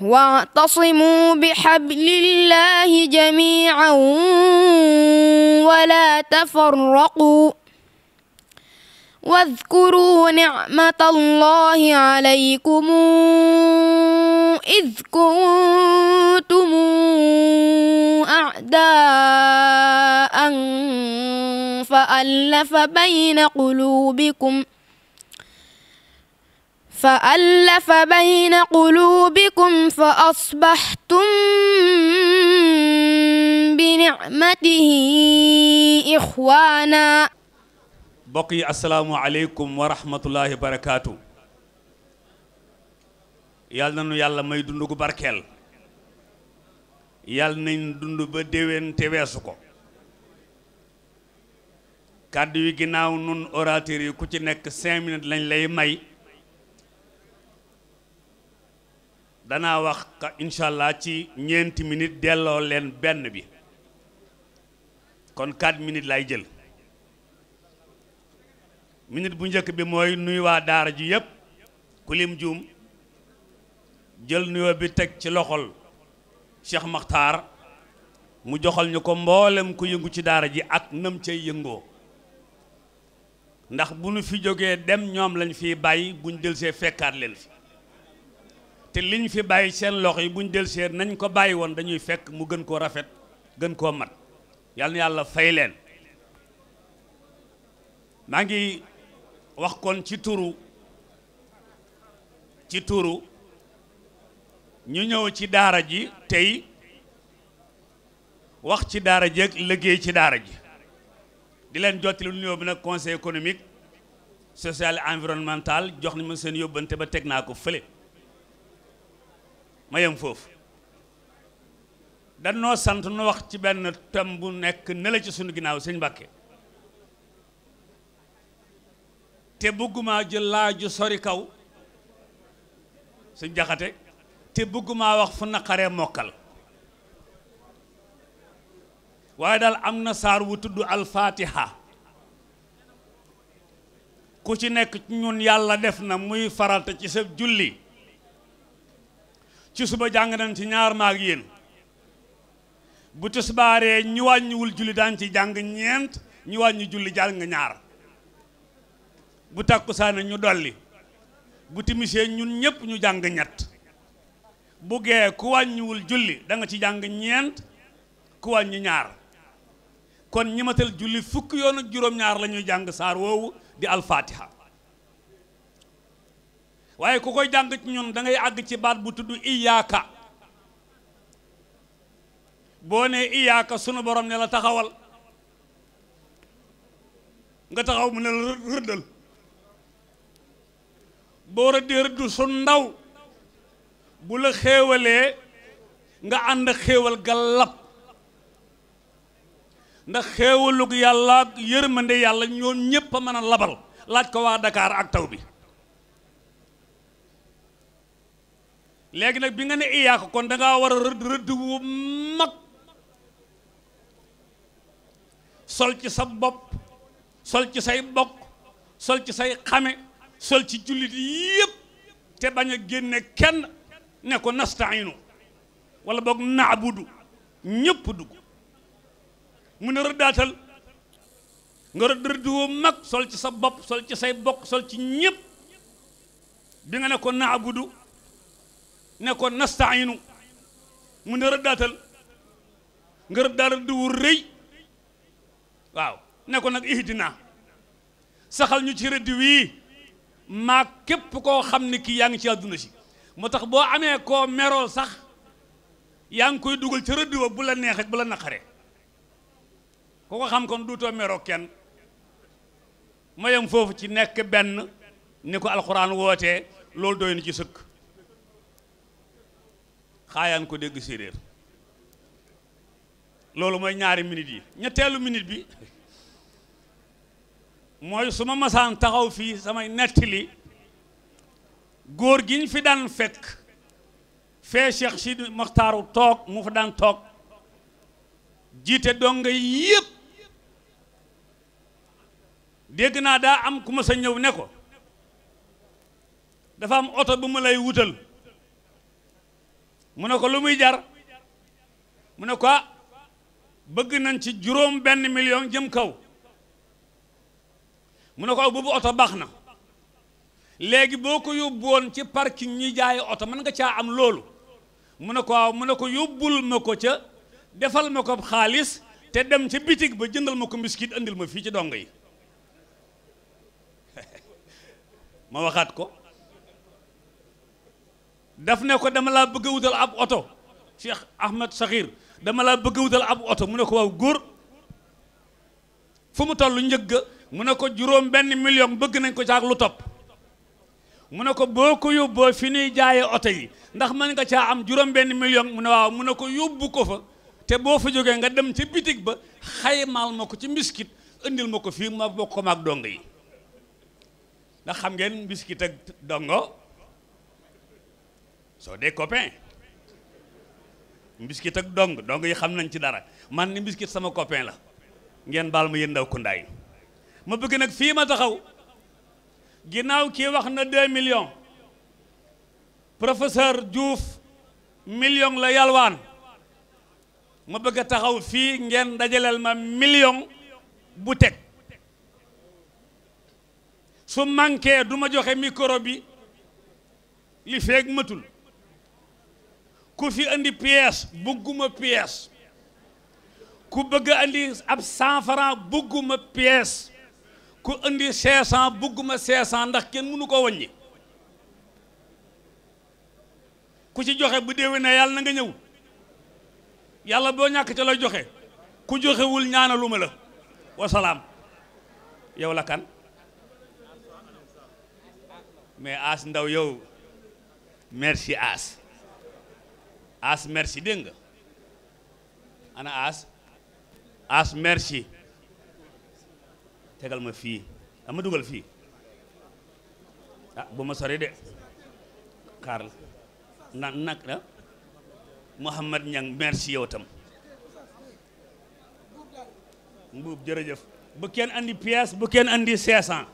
واعتصموا بحبل الله جميعا ولا تفرقوا واذكروا نعمة الله عليكم إذ كنتم أعداء فألف بين قلوبكم فألف بين قلوبكم فأصبحتم بنعمته إخوانا mbokk yi asalaamualeykum wa rahmatullahi wa barakaatu yal na yàlla may dund gu barkeel yal nañ dund ba déwén te weesu ko kàddu yi ginnaaw nun orateur yi ku ci nekk cinq minutes lañ lay may danaa wax incha allah ci ñeenti minutes delloo leen benn bi kon 4 minit lay jël minit bu njëkk bi mooy nuyuwaa daara ji yépp ku lim juum jël nuyoo bi teg ci loxol Cheikh Makhtar mu joxal ñu ko mboolem ku yëngu ci daara ji ak nam cay yëngoo ndax bu nu fi jógee dem ñoom lañ fiy bàyyi buñ dellusee fekkaat leen fi te liñ fi bàyyi seen loxo yi buñ del seen nañ ko bàyyi woon dañuy fekk mu gën koo rafet gën koo mat yal yàlla fay leen maa ngi wax kon ci turu ci turu ñu ñëw ci daara ji tey wax ci daara ji ak liggéey ci daara ji di leen jottali lu nuyoo bi nag conseil économique social environnemental jox ni ma seen yóbbante ba teg naa ko fële ma yem foofu danoo sant nu wax ci benn thème bu nekk ne la ci sunu ginnaaw sëñ Mbàkke te bëgguma jël laaju sori kaw sëñ Jaxate te bëgguma wax fu naqaree mokkal waaye daal am na saar wu tudd alfaatiha ku ci nekk ñun yàlla def na muy farata ci sa julli ci suba jàng nañ ci ñaar maag yéen bu tisbaaree ñu wàññiwul julli daan ci jàng ñeent ñi wàññi julli jàng ñaar bu takkusaane ñu dolli bu timisee ñun ñëpp ñu jàng ñett bu ku wàññiwul julli danga nga ci jàng ñeent ku wàññi ñaar kon ñi matal julli fukk yoon ak juróom-ñaar la jàng saar woowu di alfaatiha waaye ku koy jàng ci ñun dangay àgg ci baat bu tudd iyaaka boo ne iyaaka sunu borom ne la taxawal nga taxaw mu ne la rëddal rëddu su ndaw bu la xéewalee nga ànd xéewal ga lab ndax xéewalug yàlla yërmande yàlla ñoom ñépp a mën a labal laaj ko waa dakaar ak taw bi léegi nag bi nga ne iyaaka kon da war a rëdd rëdd wu mag sol ci sa bopp sol ci say bokk sol ci say xame sol ci jullit yépp te bañ a génne kenn ne ko nastainu wala boog naabudu ñépp dugg mu ne rëddaatal nga rëdd rëdd wu mag sol ci sa bopp sol ci say bokk sol ci ñépp bi nga ne ko naabudu nekkoon ko nastainu mu ne rëddaatal nga rëddaatal du rëy waaw ne ko nag ihdina saxal ñu ci rëdd wii maa képp koo xam ne kii yaa ngi ci àdduna si moo tax boo amee koo meroo sax yaa ngi koy dugal ci rëdd wa bu la neex bu la naqare ku ko xam kon duutoo meroo kenn ma foofu ci nekk benn ni ko alxuraan wootee loolu doy na ci sëkk xaayaan ko dégg séeréer loolu mooy ñaari minutes yi ñetteelu minute bi mooy su ma masaan taxaw fii samay nettali góor gi ñu fi daan fekk fee Cheikh Sidi Moxtaaru toog mu fa daan toog jiite donga yépp dégg naa daa am ku ma sa ñëw ne ko dafa am oto bu ma lay wutal mu ne ko lu muy jar mu ne ko ah, bëgg nañ ci juróom benn million jëm kaw mu ne ko boobu oto baax na léegi boo ko yóbbu ci parking ñi jaay oto mën nga caa am loolu mu ne ko waaw mu ne ko yóbbul ma ko ca defal ma ko xaalis te dem ca bitig ba jëndal ma ko mbiskit andil ma fii ci dong yi ma waxaat ko daf ne ko dama laa bëgg a wutal ab oto Cheikh Ahmed Sakhir dama laa bëgg wutal ab oto mu ne ko waaw góor fu mu toll njëgg mu ne ko juróom benn million bëgg nañ ko caag lu topp mu ne ko boo ko yóbboo fi ñuy jaaye oto yi ndax mën nga caa am juróom benn million mu ne waaw mu ne ko yóbbu ko fa te boo fa jógee nga dem ci bitig ba xaymaal ma ko ci mbiskit indil ma ko fii ma bokk ko maag dong yi ndax xam ngeen mbiskit ak dongo soo dee copain mbiskit ak dong dong yi xam nañ ci dara man ni mbiskit sama copain la ngeen baal ma yéen kundaay ma bëgg nag fii ma taxaw ginnaaw kii wax na 2 million professeur Diouf million la yalwaan ma bëgg a taxaw fii ngeen dajaleel ma million bu teg su manqué du ma joxe micro bi li feeg matul ku fi andi pièce bëgguma pièce ku bëgg andi ab cent franc bëgguma pièce ku indi cinq cent bëgguma ndax kenn mënu ko wàññi ku ci joxe bu déewé ne yàlla na nga ñëw yàlla boo ñàkk ca la joxe ku joxewul ñaanaluma la wasalaam yow la kan mais as ndaw yow merci as as merci dégg nga ana as as merci tegal ma fii ama dugal fii ah bu ma sori de xaar na nag ah Mouhamad Niang merci yow tam mbuub jërëjëf bu kenn andi pièce bu kenn andi 500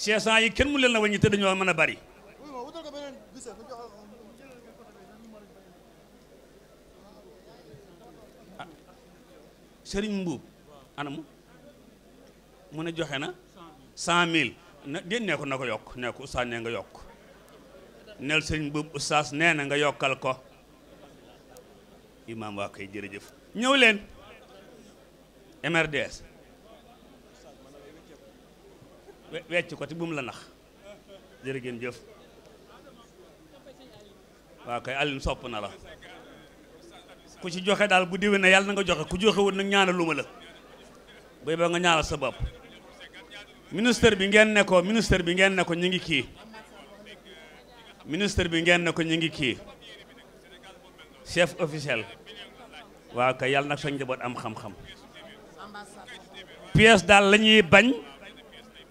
500 yi kenn mu leen la wàññi te dañoo mën a bari sëriñ mbuub anamu mu ne joxe na cent mille na déet ko na ko yokk nee ko ustaas nee nga yokk neel sëriñ mbuub ustaas nee na nga yokkal ko imaam waa koy jërëjëf ñëw leen MRDS wecc ko te bu la nax jërë ngeen jëf waa koy Alioune sopp na la ku ci joxe daal bu déwé na yàlla na nga joxe ku joxe woon nag ñaanaluma la bay ba nga ñaanal sa bopp ministère bi ngeen ne ko ministère bi ngeen ne ko ñu ngi kii ministère bi ngeen ne ko ñu ngi kii chef officiel waaw kay yàlla nag sa njaboot am xam-xam pièce daal la ñuy bañ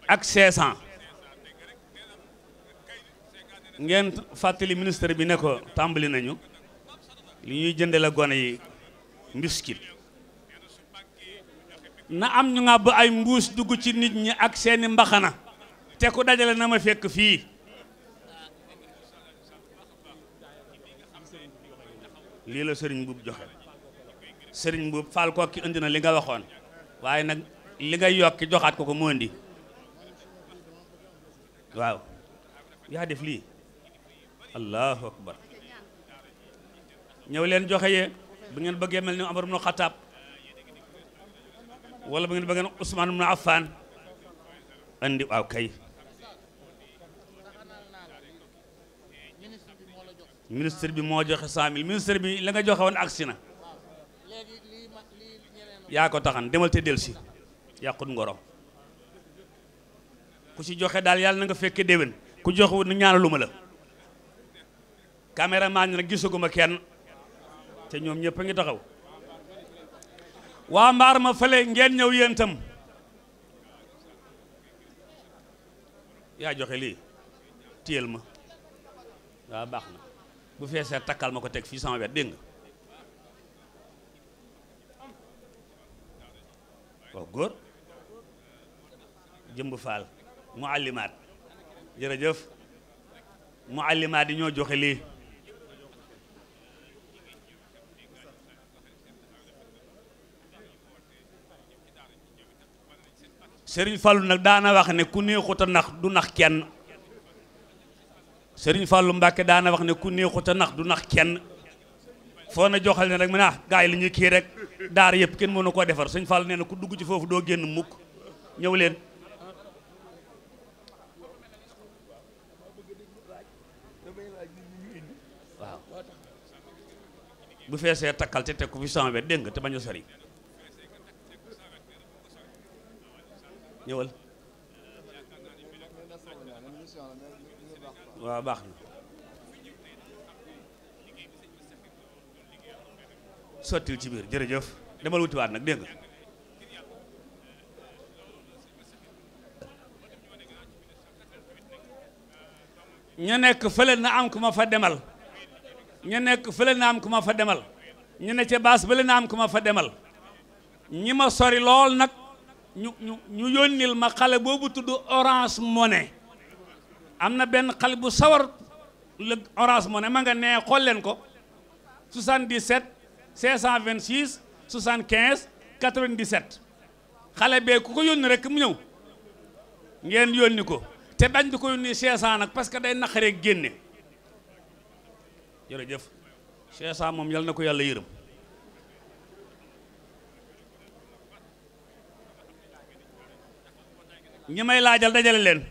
ak 500 ngeen fàttali ministère bi ne ko tàmbali nañu li ñuy jënde la gone yi mbiskit na am ñu ŋàbb ay mbuus dugg ci nit ñi ak seeni mbaxana te ku dajale na ma fekk fii lii la sëriñ buub joxe sëriñ buub faal kokki indi na li nga waxoon waaye nag li nga yokki joxaat ko ko moo indi waaw yaa def lii allahu akbar ñëw leen joxe yee bu ngeen bëggee mel ni Umar ibn Xattaab wala bu ngeen bëggee Usmaan ibn Affaan andi waaw kay ministre bi moo joxe cent mille ministre bi la nga joxe woon agsi na yaa ko taxan demal te del si yàqut ngoro ku ci joxe daal yàlla na nga fekke déwén ku joxewut na ñaanaluma la caméraman nag gisaguma kenn te ñoom ñëpp a ngi taxaw waa mbaar ma fële ngeen ñëw yéen yaa joxe lii téyel ma waaw baax na bu feesee takkal ma ko teg fii sama wet dégg nga waaw góor jëmb faal mu allimaat jërëjëf mu allimaat yi ñoo joxe lii sëriñ fàllu nag daana wax ne ku neexut a nax du nax kenn sëriñ fàllu mbàkke daana wax ne ku neexut a nax du nax kenn foo na joxal ne rek mu ne ah gars yi la ñuy kii rek daar yëpp kenn mënu koo defar sëñ Fall nee na ku dugg ci foofu doo génn mukk ñëw leen waaw bu feesee takkal te teg ko fi sama wet nga te bañ a ñëwal waaw baax na sottil ci biir jërëjëf demal wutiwaat nag dégg nga ñu nekk fële na am ku ma fa demal ñu nekk fële na am ku ma fa demal ñu ne ca baas fële na am ku ma fa demal ñi sori lool nag ñu ñu ñu yónnil ma xale boobu tudd Orange Money am na benn xale bu sawar la Orange Money ma nga nee leen ko vingt 77 526 75 97 xale bee ku ko yónni rek mu ñëw ngeen yónni ko te bañ di ko yónni 500 nag parce que day naqaree génne jërëjëf 500 moom yal na ko yàlla yërëm. ñi may laajal dajale leen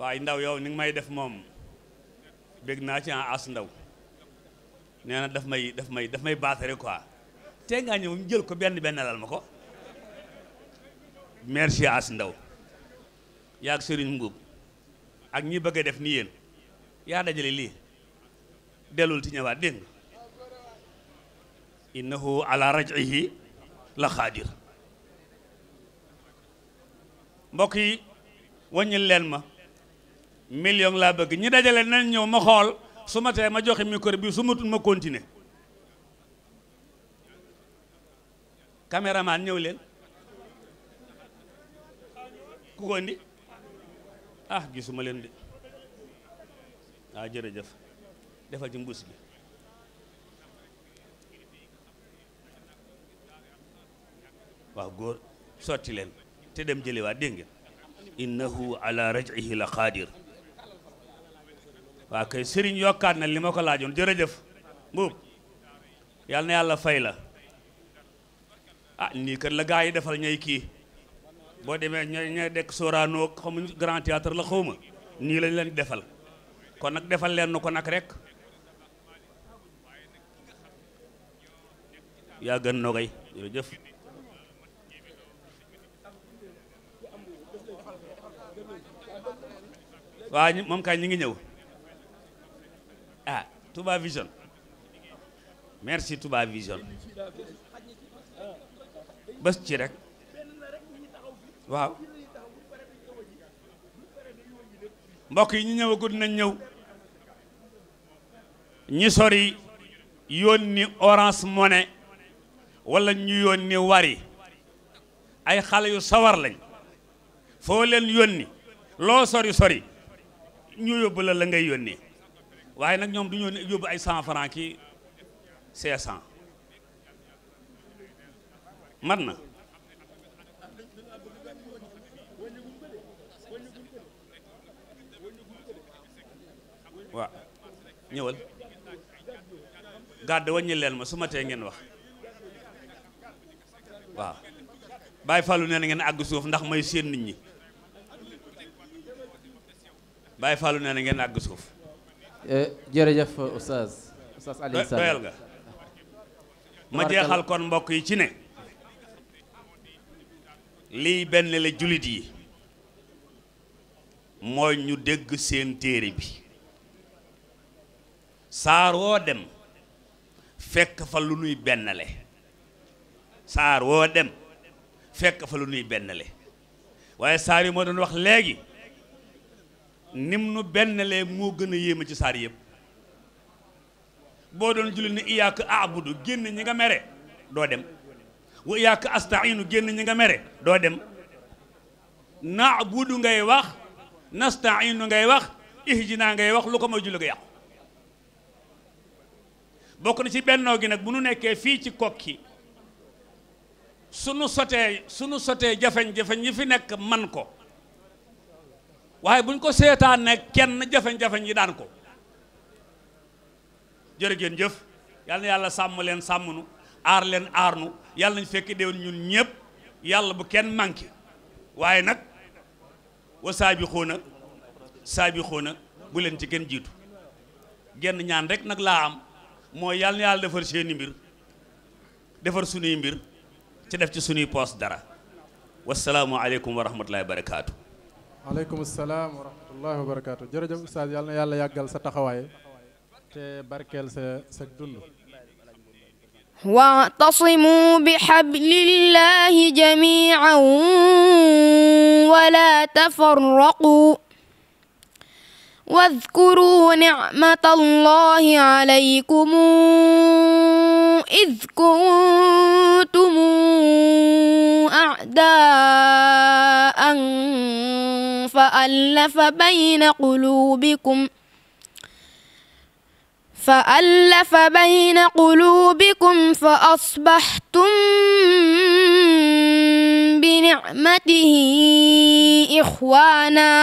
waaye ndaw yow ni nga may def moom bég naa ci ah, as ndaw nee daf may daf may daf may baatare quoi tey ñëw ñu jël ko benn benn lal ma ko merci as ndaw yaag Serigne Mbuub ak ñi bëgg a def ni yéen yaa dajale lii dellul ci ñëwaat dégg nga innahu ala rajihi la xaadir mbokk yi wàññil leen ma million laa bëgg ñi dajale nañ ñëw ma xool su ma tee ma joxe micro bi su matul ma continuer caméraman ñëw leen ku ko ah gisuma leen de ah jërëjëf defal ci mbuus gi waaw góor sotti leen te dem jëliwaat dégg ngeen innahu ala raj'ihi la qadir waa kay sëriñ yokkaat na li ma ko laajoon jërëjëf mbuub yàlla na yàlla fay la ah nii kër la gaa yi defal ñay kii boo demee ñooy ñooy dekk Sorano xamuñ grand théâtre la xawma nii lañ leen defal kon nag defal leen nu ko nag rek yaa gën nogay jërëjëf waa ñu ngi ñëw ah Touba Vision merci Touba Vision bés ci rek waaw mbokk yi ñu ñëwagul nañ ñëw ñi sori yónni Orange Money wala ñu yónni Wari ay xale yu sawar lañ foo leen yónni loo sori sori ñu yóbbu la la ngay yónnee waaye nag ñoom du ñu yóbbu ay cent franc ki cinq cent mat na waaw ñëwal gàdd waññi leen ma su ma tee ngeen wax waaw bàyyi fàllu nee na ngeen àgg suuf ndax may seen nit ñi Baye Fallou nee na ngeen àgg suuf. Eh, jërëjëf Oustaz doyal nga. ma jeexal kon mbokk yi ci ne. lii benn la jullit yi. mooy ñu dégg seen téere bi. saar woo dem. fekk fa lu nuy bennale. saar woo dem. fekk fa lu nuy bennale. waaye saar yi moo doon wax léegi. nim nu benn lee moo gën a yéeme ci saar yépp boo doon julli ne iyaaka aabudu génn ñi nga mere doo dem wa iyaaka astainu génn ñi nga mere doo dem naabudu ngay wax nastainu ngay wax ihdina ngay wax lu ko mooy julli nga yàqu bokk na ci bennoo gi nag bu nu nekkee fii ci kokki sunu sotee sunu sotee jafeñ jafeñ yi fi nekk man ko waaye buñ ko seetaan ne kenn jafe-jafe yi daan ko jërë ngeen jëf yàlla yàlla sàmm leen sàmm nu aar leen aar nu yàlla nañ fekk déwén ñun ñëpp yàlla bu kenn manqué waaye nag wa saabixuuna saabixuuna bu leen ci kenn jiitu genn ñaan rek nag laa am mooy yàlla na yàlla defar seeni mbir defar sunuy mbir ci def ci sunuy poos dara wasalaamu aleykum wa rahmatullahi wa barakaatu aleykum salaam wa rahmatullahi wa barakaatu jërëjëf oustaz yàlla na yàlla yàggal sa taxawaay te barkeel sa sa dund واعتصموا بحبل الله جميعا ولا تفرقوا واذكروا نعمة الله عليكم إذ كنتم أعداء فألف بين قلوبكم فألف بين قلوبكم فأصبحتم بنعمته إخوانا